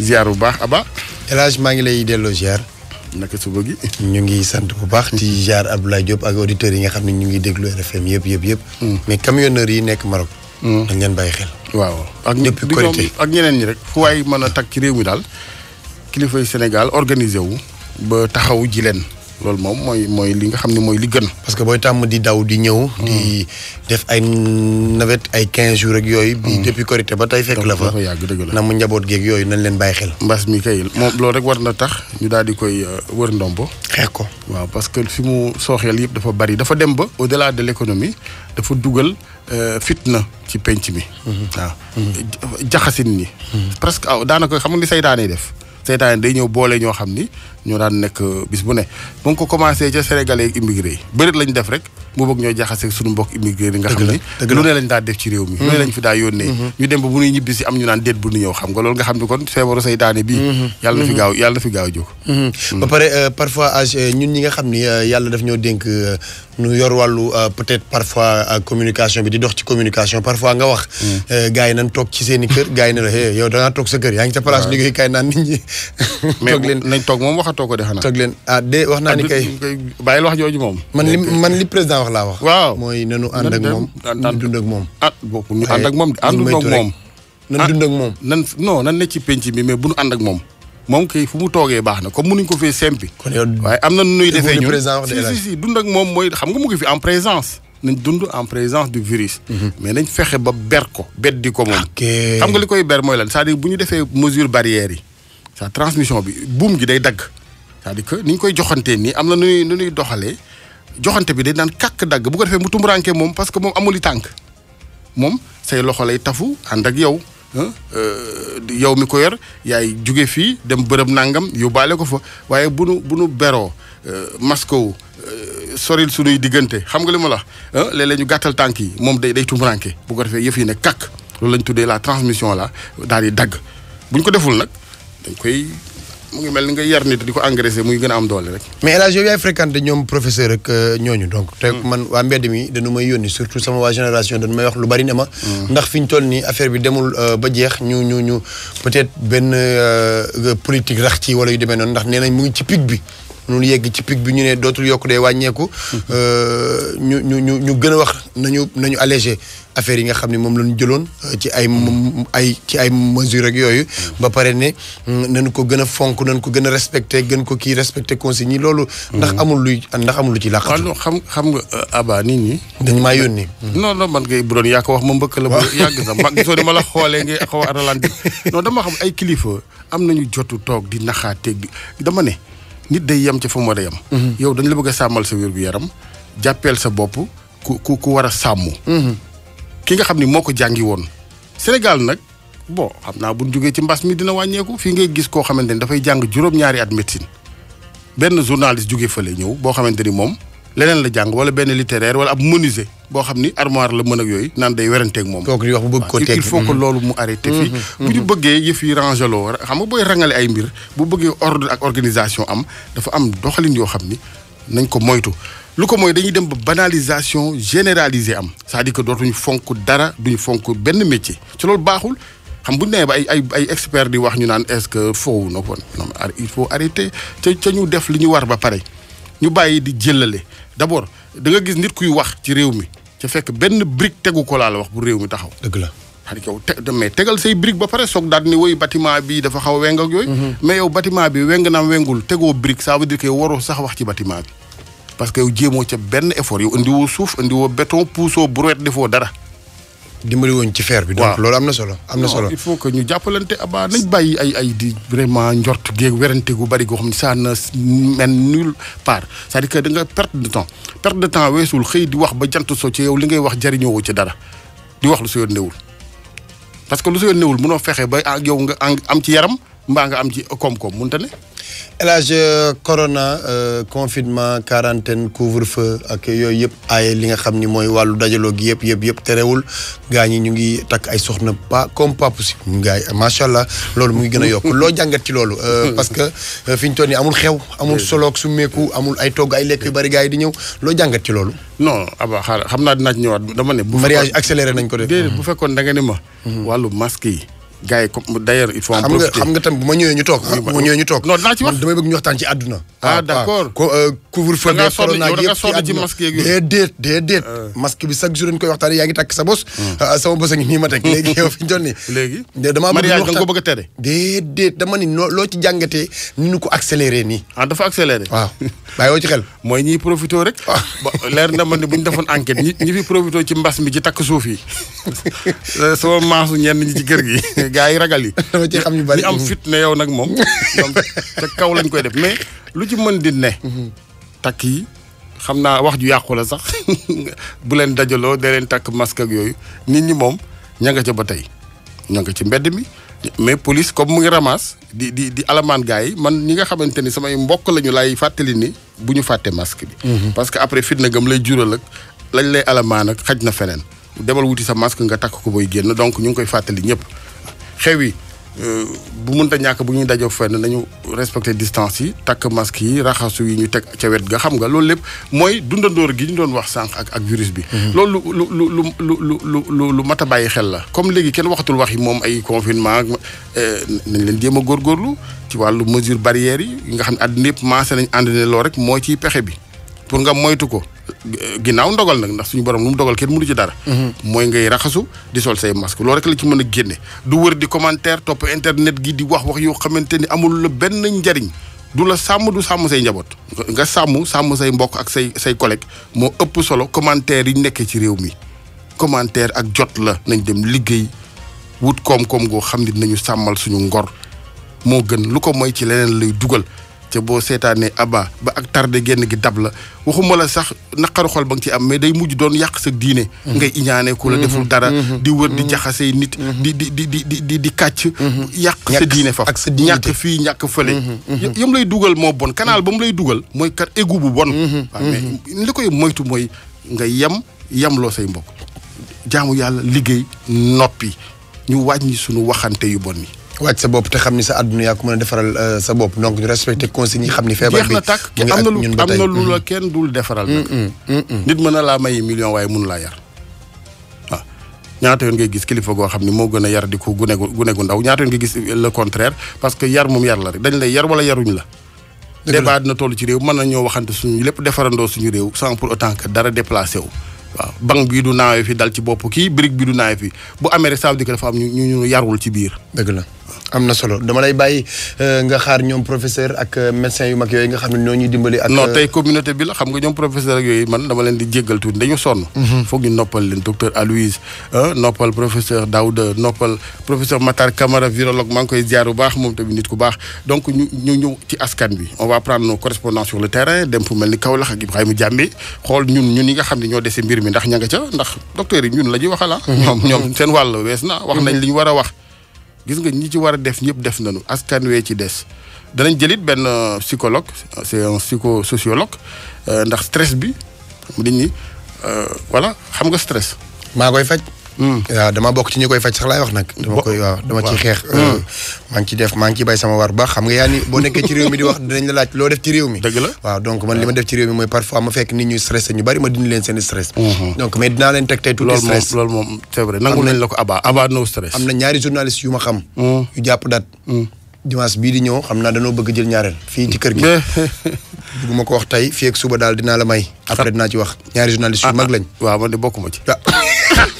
ziar bu baax Aba. El Hadj maa ngi lay delloo ziar. naka suba gi. ñu ngi sant bu baax. ci ziar laa Diop ak auditeurs yi nga xam ne ñu ngi déglu RFM yëpp yëpp yëpp. Hmm. mais camionneurs yi nekk Maroc. dañ hmm. leen bàyyi xel. waaw ak ñëpp korité ak ñeneen ñi rek fu waay mën a tag ci réew mi daal kilifay Sénégal organisé wu ba taxaw ji leen. loolu moom mooy mooy li nga xam ne mooy li gën. parce que booy tàmm di daw di ñëw. Hmm. di def ay nawet ay quinze jours ak yooyu. bi hmm. depuis Korité ba tey fekk la fa. yàgg dëgg na mu njaboot geeg yooyu nañ leen bàyyi xel. mbas mi kay moom loolu rek war na tax ñu daal di koy euh, wër ndombo. xeex ko waaw parce que fi mu sooxeel yëpp dafa bari dafa dem ba au delà de l' économie dafa dugal euh, fitna ci penc mi. Hmm. waaw jaxasin ni presque aw ah, daanaka xam nga ni saytaane def saytaane day ñëw boole ñoo xam ni. ñu daan nekk bis bu ne bu ko commencé ca sénégalais ak immigré yi bërit lañ def rek mu bëgg ñoo jaxase suñu mbokk immigré yi nga xam ne lu ne lañ daa def ci réew mi lu ne mm-hmm. lañ fi daa yónnee mm-hmm. ñu dem ba bu ñuy ñibbi si am ñu naan déet bu ñu ñëw xam nga loolu nga xam ne kon feebaru saytaane bi mm-hmm. yàlla na fi gaaw yàlla na fi gaaw jóg ba pare euh, parfois âge ah, ñun ñi nga xam ni euh, yàlla daf ñoo dénk euh, ñu yor wàllu peut-être parfois communication bi di dox ci communication parfois nga wax mm. gars yi nañ toog ci seen i kër gars yi ne la yow dangaa toog sa kër yaa ngi sa place liggéey kaay naan nit ñi toog leen nañ toog moom wax waxatoo ko de xanaa. toog leen ah de wax naa ni ah, kay. bàyyil wax jooju moom. man li man wax laa wax. waaw mooy nanu ànd ak moom. nan dund ak moom ah, eh, nan ah, non nan ne mais bu nu ànd ak moom. moom kay fu mu toogee baax na comme mënuñ ko fee sempi. waaye am na nu nuy defee ñun si si si dund ak moom mooy xam nga mu ngi fi en présence. nañ dund en présence du virus. Mhm. mais nañ fexe ba ber ko beddi ko moom. xam nga li koy ber mooy lan cest à bu ñu defee mesure barrière yi. sa cest que ni ñu koy joxantee nii am na nu ñuy nu ñuy doxalee joxante bi day daan kàkk dagg bu ko defee mu tumuraanke moom parce que moom amuli tànk moom say loxo lay tafu ànd ak yow euh, yow mi ko yor yaay jóge fii dem bërëb nangam yóbbaale ko fa waaye bu nu bu nu beroo euh, masque wu euh, soril sunuy diggante xam nga li ma la léeg-léeg ñu gàttal tànk yi moom day day tumuraanke bu ko defee yëf yi ne kàkk loolu lañ tuddee la transmission la daal di dagg bu ñu ko deful nag dañ koy. mu ngi mel ni nga yar nit di ko engraisser muy gën a am doole rek. mais El Hadj yow yaay fréquenté ñoom professeur ak euh, ñooñu donc. te hmm. man waa mbedd mi dañu may yónni surtout sama waa génération dañu may wax lu bari ne ma. Hmm. ndax fi ñu toll nii affaire bi demul euh, ba jeex ñu ñu ñu peut-être benn euh, politique rax ci wala yu demee noonu ndax nee nañ mu ngi ci pic bi. nu yegg ci pic bi ñu ne dootul yokk day wàññeeku. Euh, ñu ñu ñu ñu gën a wax nañu nañu allégé affaire yi nga xam ne moom lañu jëloon euh, ci ay ay ci ay mesures ak yooyu. ba pare ne mm, nañu ko gën a fonk nañu ko gën a respecté gën ko kii respecté consignes ñi loolu. ndax mm-hmm. amul luy ndax amul lu ci làq. waaw xam xam nga euh, Aba nit ñi. dañ maa yónni. Mm-hmm. non non man ngay bu doon yaa ko wax ma mbëkk la. waaw yàgg sax man gisoo dama la xoolee ngay xaw a ralandi non dama xam ay kilifa am nañu jotu toog di naxaatee bi dama ne. nit day yem ci fu mu war a yem. Mhm. yow dañu la bëgg a sàmmal sa wér gu yaram jàppeel sa bopp ku ku ku war a sàmm. Mhm. ki nga xam ni moo ko jàngi woon. Sénégal nag bo xam naa bu ñu jógee ci mbas mi dina wàññeeku fii ngay gis koo xamante ni dafay jàng juróom-ñaari at médecine benn journaliste jóge fële ñëw boo xamante ni moom leneen la jàng wala benn littéraire wala ab menuisier. boo xam ni armoire la mën ak yooyu naan day ak moom kooku di wax bu bëgg ko teg il faut que mm-hmm. loolu mu arrêté fii mm-hmm. bu ñu bëggee yëf yi rangeloo xam nga booy rangale ay mbir bu bëggee ordre ak organisation am dafa am doxalin yoo xam ni nañ ko moytu lu ko mooy dañuy dem ba banalisation généralisée am c'est-à-dire que dootuñu fonk dara duñu fonk benn métier ci loolu baaxul xam bu ñu nee ba ay ay ay experts di wax ñu naan est-ce que foofu na ko non il faut arrêter ca ca ñu def li ñu war ba pare ñu bàyyi di jëlale d'abord da nga gis nit kuy wax ci réew mi ca fekk benn brique tegu ko laa wax bu réew mi taxaw. dëgg la yow te mais tegal sey brique ba pare soog daal ni woy bâtiment bi dafa xaw a weng ak yooyu. Mm-hmm. mais yow bâtiment bi weng naam wengul tegoo brique ça veut dire waroo sax wax ci bâtiment bi. parce que yow jéemoo ca benn effort yow indiwoo suuf indiwoo béton puusoo brouette defoo dara. dimbali woon ci feer bi. donc loolu am na solo am na solo. il faut que ñu jàppalante abaa nañ bàyyi ay di vraiment njort géeg werante gu bari goo xam ne ça na mène nulle part cest à que da nga perte de temps perte de temps weesul xëy di wax ba jant so ci yow li ngay wax jariñoo ci dara di wax lu sa yoon newul parce que lu sa yoon newul mënoo fexee ba ak yow nga am ci yaram mbaa nga am ci o koom-koom mënta ne. elage corona euh, confinement quarantaine couvre-feu ak yooyu yëpp aaye li nga xam ni mooy wàllu dajaloog gi yëpp yëpp yëpp terewul gaa ñi ñu ngi takk ay soxna pas comme pas possible ñu ngi macha allah loolu mu ngi gën a yokk loo jàngat ci loolu. Euh, parce que euh, fi ñu toll nii amul xew. amul soloog sumeeku amul ay togg ay lekk yu bari gaa yi di ñëw loo jàngat ci loolu. non aba xaaral xam naa dinaa ci ñëwaat dama ne. bu mariage accéléré nañ ko de. déedéet mm-hmm. da nga ne ma. Mm-hmm. wàllu masque yi. gars yi comme d' xam nga tam bu ma ñëwee ñu toog. bu ma ah, ñëwee ñu toog. non dinaa ci wax damay bëgg ñu waxtaan ci àdduna. ah, ah, ah. d' accord ko euh, couvre feu bi chaque jour dañu koy waxtaanee yaa ngi takk sa bos. Hmm. sama bos a ngi nii ma teg léegi yow fi ñu toll nii. léegi mariage da nga dama ni loo ci jàngatee ni ñu ko accéléré nii. ah dafa accéléré. waaw bàyyiwoo ci xel. mooy ñiy profité rek. leer na ma ne bu ñu defoon enquête ñi ñi fi ci mbas mi ci takk suuf yi sama maasu ñenn ñi ci gi gars yi ragal yi. dama ci yu bari. am fit ne yow nag moom. ñoom ca kaw lañ koy def mais lu ci mën di ne. Mhm. takk yi xam naa wax ju yàqu la sax bu leen dajaloo da leen takk masque ak yooyu nit ñi moom ña nga ca ba tey ña nga ci mbedd mi. mais police comme mu ngi di di di alamaan gars yi man ñi nga xamante ni samay mbokk lañu lay fàttali ni bu ñu fàtte masque bi. Mhm. parce que après fitna gam lay jural ak lañ lay alamaan ak xaj na feneen. demal wuti sa masque nga takk ko booy génn donc ñu ngi koy fàttali ñëpp. xew yi euh, bu mënta ñàkk bu ñuy dajoo fenn nañu respecté distance yi takk masque yi raxasu yi ñu teg ca wet ga xam nga loolu lépp mooy dundandoor gi ñu doon wax sànq ak ak virus bi. Mhm. loolu lu lu lu lu lu lu lu mat a bàyyi xel la. comme léegi kenn waxatul wax yi moom ay confinement euh, nañu leen jéem a góorgóorlu ci wàllu mesure barrière yi nga xam ne àddina yëpp maase nañ ànd ne lool rek mooy ciy pexe bi. pour nga moytu ko ginaaw ndogal nak ndax suñu borom lu dogal kenn mënu ci dara moy ngay raxasu di sol say masque lo rek la ci du wër di commentaire top internet gi di wax wax yo xamanteni amul le ben njariñ du la sam du sam say samu nga sam sam say mbokk ak say say collègue mo ëpp solo commentaire yi nekk ci réew mi commentaire ak jot la nañ dem liggéey wut kom kom go xamni nañu samal suñu ngor mo gën lu ko moy ci leneen lay dugal te boo seetaanee abba ba ak tardé génn gi dab la waxuma la sax naqaru xol ba nga ci am mais day mujj doon yàq sa diine. Mm-hmm. ngay iñaane ku la mm-hmm. deful dara. Mm-hmm. di wër di jaxasee nit. di di di di di di kàcc. yàq sa diine fa ñàkk fii ñàkk fële. yam lay dugal moo bon canal ba mu lay dugal mooy kan égu bu bon. waaw li koy moytu mooy nga yem yemloo say mbokk jaamu yàlla liggéey noppi ñu wàññi sunu waxante yu bon yi. wacc sa te xamni sa aduna ya ko meuna defaral euh, sa bop donc ñu respecté consigne ni bi amna na lu la kenn dul defaral Nid nit meuna la may million waaye mun la yar ñaata yon ngay gis kilifa go xamni mo gëna yar di ko gune gune gu ndaw ñaata yon ngay gis le contraire parce que yar mum yar la rek dañ lay yar wala yaruñ la débat na tollu ci rew meuna ñoo waxante suñu lepp defarando suñu rew sans pour autant que dara déplacé wu waaw bang bi du nawé fi dal ci bop ki brique bi du nawé fi bu amee rek ça veut yar dafa am ñu ñu yarul ci biir deug la amna solo dama lay bàyyi euh, nga xaar ñom professeur ak euh, médecin yu mag yoy nga xamni ñoo ñuy dimbali. ak non euh, tay communauté bi la xam nga ñom professeur ak yoy man dama leen di jéggal tout dañu sonn. Mhm. fogg ñu noppal leen docteur Aloyse noppal professeur Daoud noppal professeur Matar Camara virologue mang koy ziaru bu baax moom tamit nit ku baax donc ñu ñu ci askan bi on va prendre nos correspondants sur le terrain dem fu melni ni Kaolack ak Ibrahima Diamé xol ñun ñun yi nga xamni ñoo déssé mbir mi ndax ñanga ca ndax docteur yi ñun la waxala ah. ñom mhm. ñoom ñoom seen wàll wees na wax nañ mhm. li wara wax gis nga ñi ci war a def ñëpp def nañu askan wee ci des danañ jëlit benn euh, psychologue c'est un psychosociologue euh, ndax stress bi nit ñi euh, voilà xam nga stress. maa koy faj. Mm. waaw dama bokk ci ñi koy faj sax laay wax nag. dama koy waaw dama ciy xeex. Mm. Euh, maa ngi ciy def maa ngi ciy bay sama war baax xam nga yaa ni boo nekkee ci réew mi di wax dinañ la loo def ci réew mi. dëgg la waaw donc man li ma def ci réew mi mooy parfois leen seen stress. Mm-hmm. donc mais dinaa leen teg tey tuuti stress. nangu nañ la ko Abba Abba no stress. am na ñaari journaliste yu ma xam. Mm. yu jàpp dat dimanche bii di ñëw xam naa dañoo bëgg jël ñaareel fii ci kër gi bugguma ko wax tey fii ak suba daal dina la may après dinaa ci wax ñaari journaliste yu ah, mag ah. lañ waaw man de bokkuma ci ah.